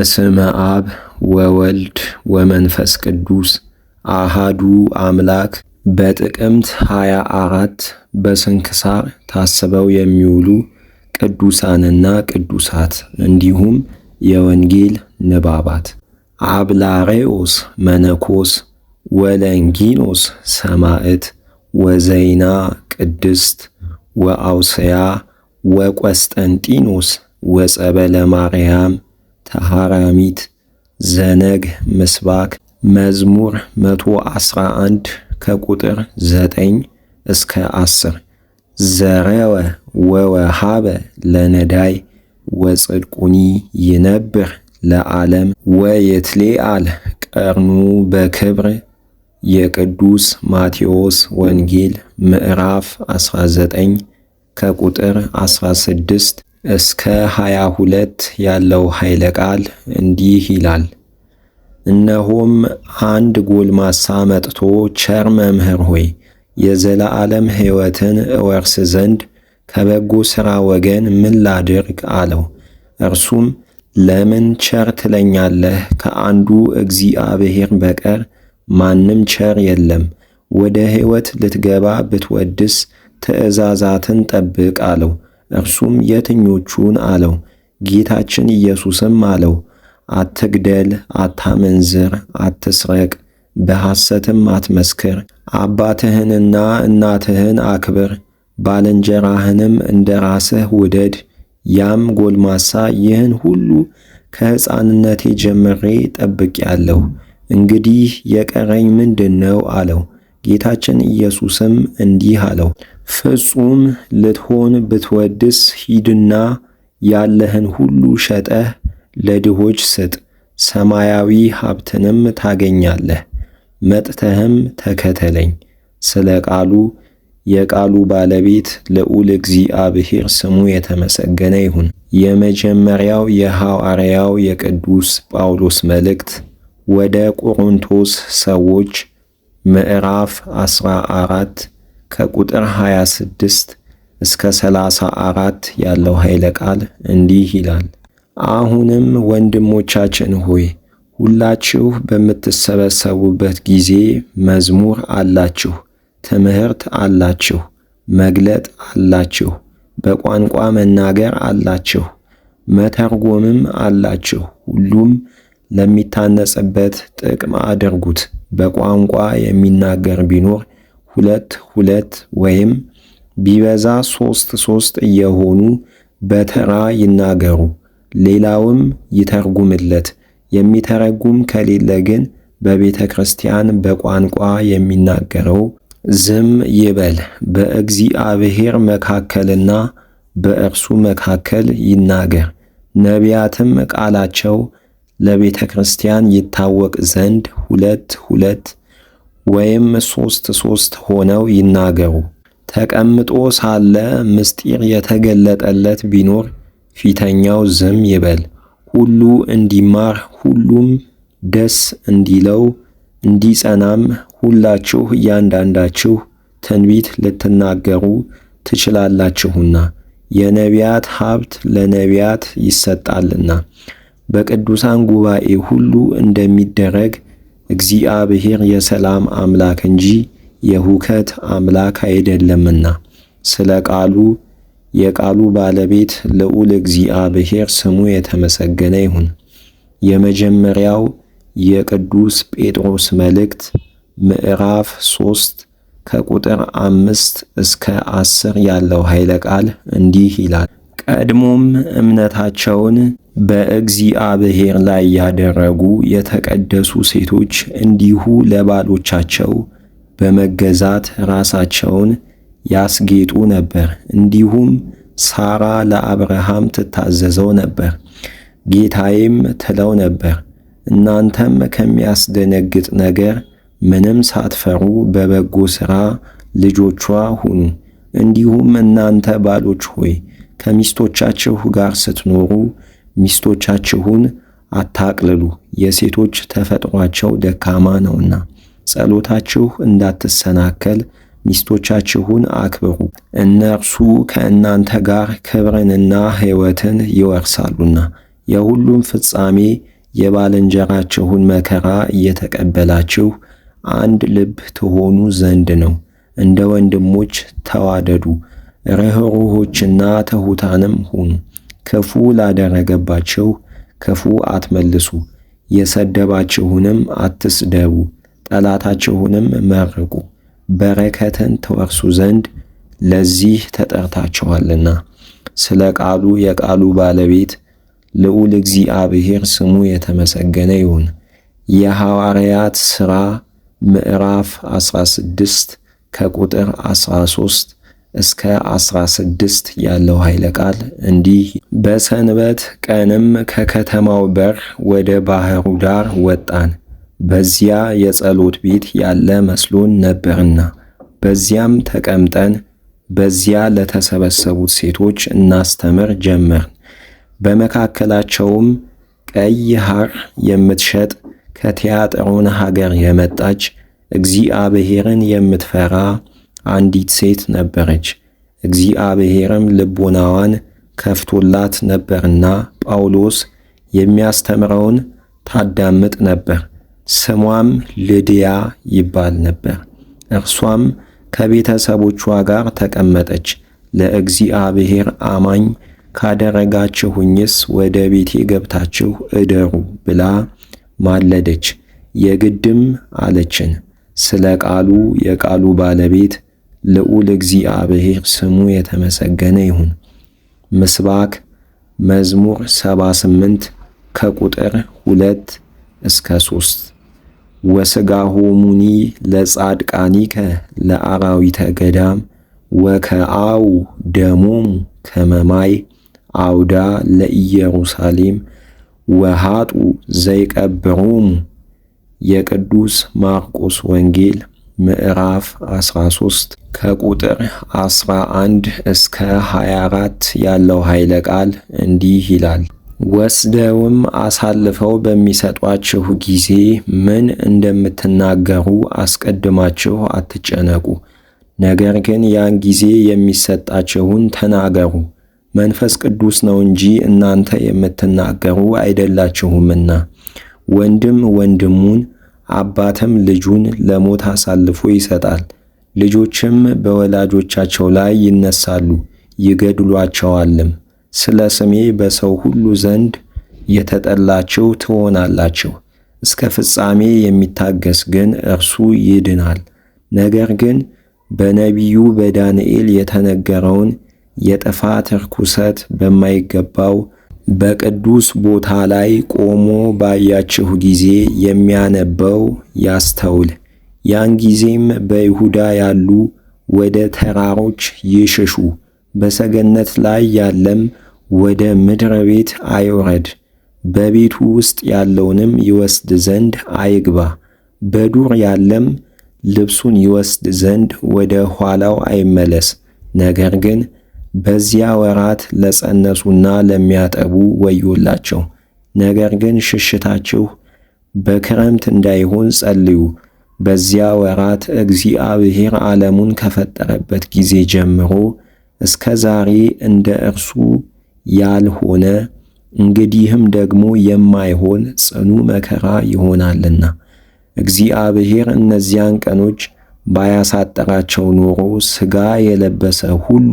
በስመ አብ ወወልድ ወመንፈስ ቅዱስ አሃዱ አምላክ። በጥቅምት ሃያ አራት በስንክሳር ታስበው የሚውሉ ቅዱሳንና ቅዱሳት እንዲሁም የወንጌል ንባባት አብላሬዎስ መነኮስ ወለንጊኖስ ሰማዕት ወዘይና ቅድስት ወአውስያ ወቆስጠንጢኖስ ወጸበለ ማርያም ተሐራሚት ዘነግ ምስባክ መዝሙር 111 ከቁጥር 9 እስከ 10 ዘረወ ወወሃበ ለነዳይ ወጽድቁኒ ይነብር ለዓለም ወየትሌአል ቀርኑ በክብር የቅዱስ ማቴዎስ ወንጌል ምዕራፍ 19 ከቁጥር 16 እስከ 22 ያለው ኃይለ ቃል እንዲህ ይላል። እነሆም አንድ ጎልማሳ መጥቶ ቸር መምህር ሆይ የዘላዓለም ሕይወትን እወርስ ዘንድ ከበጎ ሥራ ወገን ምን ላድርግ አለው። እርሱም ለምን ቸር ትለኛለህ? ከአንዱ እግዚአብሔር በቀር ማንም ቸር የለም። ወደ ሕይወት ልትገባ ብትወድስ ትእዛዛትን ጠብቅ አለው። እርሱም የትኞቹን አለው። ጌታችን ኢየሱስም አለው፣ አትግደል፣ አታመንዝር፣ አትስረቅ፣ በሐሰትም አትመስክር፣ አባትህንና እናትህን አክብር፣ ባልንጀራህንም እንደ ራስህ ውደድ። ያም ጎልማሳ ይህን ሁሉ ከሕፃንነቴ ጀምሬ ጠብቄአለሁ፣ እንግዲህ የቀረኝ ምንድን ነው? አለው። ጌታችን ኢየሱስም እንዲህ አለው፣ ፍጹም ልትሆን ብትወድስ ሂድና ያለህን ሁሉ ሸጠህ ለድሆች ስጥ፣ ሰማያዊ ሀብትንም ታገኛለህ። መጥተህም ተከተለኝ። ስለ ቃሉ የቃሉ ባለቤት ልዑል እግዚአብሔር ስሙ የተመሰገነ ይሁን። የመጀመሪያው የሐዋርያው የቅዱስ ጳውሎስ መልእክት ወደ ቆሮንቶስ ሰዎች ምዕራፍ 14 ከቁጥር 26 እስከ 34 ያለው ኃይለ ቃል እንዲህ ይላል። አሁንም ወንድሞቻችን ሆይ ሁላችሁ በምትሰበሰቡበት ጊዜ መዝሙር አላችሁ፣ ትምህርት አላችሁ፣ መግለጥ አላችሁ፣ በቋንቋ መናገር አላችሁ፣ መተርጎምም አላችሁ። ሁሉም ለሚታነጽበት ጥቅም አድርጉት። በቋንቋ የሚናገር ቢኖር ሁለት ሁለት ወይም ቢበዛ ሶስት ሶስት እየሆኑ በተራ ይናገሩ፣ ሌላውም ይተርጉምለት። የሚተረጉም ከሌለ ግን በቤተ ክርስቲያን በቋንቋ የሚናገረው ዝም ይበል። በእግዚአብሔር መካከልና በእርሱ መካከል ይናገር። ነቢያትም ቃላቸው ለቤተ ክርስቲያን ይታወቅ ዘንድ ሁለት ሁለት ወይም ሶስት ሶስት ሆነው ይናገሩ። ተቀምጦ ሳለ ምስጢር የተገለጠለት ቢኖር ፊተኛው ዝም ይበል። ሁሉ እንዲማር ሁሉም ደስ እንዲለው እንዲጸናም ሁላችሁ እያንዳንዳችሁ ትንቢት ልትናገሩ ትችላላችሁና የነቢያት ሀብት ለነቢያት ይሰጣልና በቅዱሳን ጉባኤ ሁሉ እንደሚደረግ እግዚአብሔር የሰላም አምላክ እንጂ የሁከት አምላክ አይደለምና ስለ ቃሉ የቃሉ ባለቤት ልዑል እግዚአብሔር ስሙ የተመሰገነ ይሁን። የመጀመሪያው የቅዱስ ጴጥሮስ መልእክት ምዕራፍ ሦስት ከቁጥር አምስት እስከ አስር ያለው ኃይለ ቃል እንዲህ ይላል። ቀድሞም እምነታቸውን በእግዚአብሔር ላይ ያደረጉ የተቀደሱ ሴቶች እንዲሁ ለባሎቻቸው በመገዛት ራሳቸውን ያስጌጡ ነበር። እንዲሁም ሳራ ለአብርሃም ትታዘዘው ነበር፣ ጌታዬም ትለው ነበር። እናንተም ከሚያስደነግጥ ነገር ምንም ሳትፈሩ በበጎ ሥራ ልጆቿ ሁኑ። እንዲሁም እናንተ ባሎች ሆይ ከሚስቶቻችሁ ጋር ስትኖሩ ሚስቶቻችሁን አታቅልሉ፣ የሴቶች ተፈጥሯቸው ደካማ ነውና። ጸሎታችሁ እንዳትሰናከል ሚስቶቻችሁን አክብሩ፣ እነርሱ ከእናንተ ጋር ክብርንና ሕይወትን ይወርሳሉና። የሁሉም ፍጻሜ የባልንጀራችሁን መከራ እየተቀበላችሁ አንድ ልብ ትሆኑ ዘንድ ነው። እንደ ወንድሞች ተዋደዱ። ርኅሩኆችና ትሑታንም ሁኑ። ክፉ ላደረገባችሁ ክፉ አትመልሱ፣ የሰደባችሁንም አትስደቡ፣ ጠላታችሁንም መርቁ፣ በረከትን ትወርሱ ዘንድ ለዚህ ተጠርታችኋልና። ስለ ቃሉ የቃሉ ባለቤት ልዑል እግዚአብሔር ስሙ የተመሰገነ ይሁን። የሐዋርያት ሥራ ምዕራፍ 16 ከቁጥር 13 እስከ 16 ያለው ኃይለ ቃል እንዲህ በሰንበት ቀንም ከከተማው በር ወደ ባህሩ ዳር ወጣን። በዚያ የጸሎት ቤት ያለ መስሎን ነበርና በዚያም ተቀምጠን በዚያ ለተሰበሰቡት ሴቶች እናስተምር ጀመርን። በመካከላቸውም ቀይ ሐር የምትሸጥ ከቲያጥሮን ሀገር የመጣች እግዚአብሔርን የምትፈራ አንዲት ሴት ነበረች። እግዚአብሔርም ልቦናዋን ከፍቶላት ነበርና ጳውሎስ የሚያስተምረውን ታዳምጥ ነበር። ስሟም ልድያ ይባል ነበር። እርሷም ከቤተሰቦቿ ጋር ተቀመጠች። ለእግዚአብሔር አማኝ ካደረጋችሁኝስ ወደ ቤቴ ገብታችሁ እደሩ ብላ ማለደች። የግድም አለችን። ስለ ቃሉ የቃሉ ባለቤት ልዑል እግዚአብሔር ስሙ የተመሰገነ ይሁን። ምስባክ መዝሙር 78 ከቁጥር 2 እስከ 3 ወስጋሁ ሙኒ ለጻድቃኒከ ለአራዊተ ገዳም ወከአው ደሞሙ ከመማይ አውዳ ለኢየሩሳሌም ወሃጡ ዘይቀብሩም። የቅዱስ ማርቆስ ወንጌል ምዕራፍ 13 ከቁጥር 11 እስከ 24 ያለው ኃይለ ቃል እንዲህ ይላል። ወስደውም አሳልፈው በሚሰጧችሁ ጊዜ ምን እንደምትናገሩ አስቀድማችሁ አትጨነቁ። ነገር ግን ያን ጊዜ የሚሰጣችሁን ተናገሩ፣ መንፈስ ቅዱስ ነው እንጂ እናንተ የምትናገሩ አይደላችሁምና ወንድም ወንድሙን አባትም ልጁን ለሞት አሳልፎ ይሰጣል። ልጆችም በወላጆቻቸው ላይ ይነሳሉ ይገድሏቸዋልም። ስለ ስሜ በሰው ሁሉ ዘንድ የተጠላችሁ ትሆናላችሁ። እስከ ፍጻሜ የሚታገስ ግን እርሱ ይድናል። ነገር ግን በነቢዩ በዳንኤል የተነገረውን የጥፋት ርኩሰት በማይገባው በቅዱስ ቦታ ላይ ቆሞ ባያችሁ ጊዜ የሚያነበው ያስተውል። ያን ጊዜም በይሁዳ ያሉ ወደ ተራሮች ይሽሹ። በሰገነት ላይ ያለም ወደ ምድረ ቤት አይውረድ። በቤቱ ውስጥ ያለውንም ይወስድ ዘንድ አይግባ። በዱር ያለም ልብሱን ይወስድ ዘንድ ወደ ኋላው አይመለስ። ነገር ግን በዚያ ወራት ለጸነሱና ለሚያጠቡ ወዮላቸው። ነገር ግን ሽሽታችሁ በክረምት እንዳይሆን ጸልዩ። በዚያ ወራት እግዚአብሔር ዓለሙን ከፈጠረበት ጊዜ ጀምሮ እስከ ዛሬ እንደ እርሱ ያልሆነ እንግዲህም ደግሞ የማይሆን ጽኑ መከራ ይሆናልና እግዚአብሔር እነዚያን ቀኖች ባያሳጠራቸው ኖሮ ሥጋ የለበሰ ሁሉ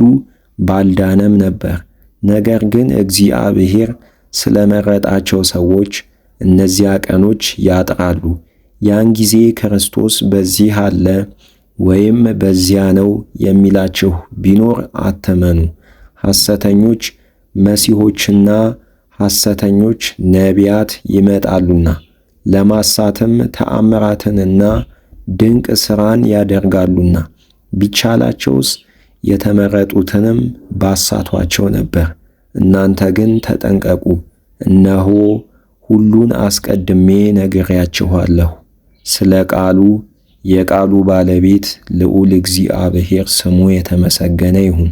ባልዳነም ነበር። ነገር ግን እግዚአብሔር ስለመረጣቸው ሰዎች እነዚያ ቀኖች ያጥራሉ። ያን ጊዜ ክርስቶስ በዚህ አለ ወይም በዚያ ነው የሚላችሁ ቢኖር አትመኑ። ሐሰተኞች መሲሆችና ሐሰተኞች ነቢያት ይመጣሉና ለማሳትም ተአምራትንና ድንቅ ሥራን ያደርጋሉና ቢቻላቸውስ የተመረጡትንም ባሳቷቸው ነበር። እናንተ ግን ተጠንቀቁ፣ እነሆ ሁሉን አስቀድሜ ነግሬያችኋለሁ። ስለ ቃሉ የቃሉ ባለቤት ልዑል እግዚአብሔር ስሙ የተመሰገነ ይሁን።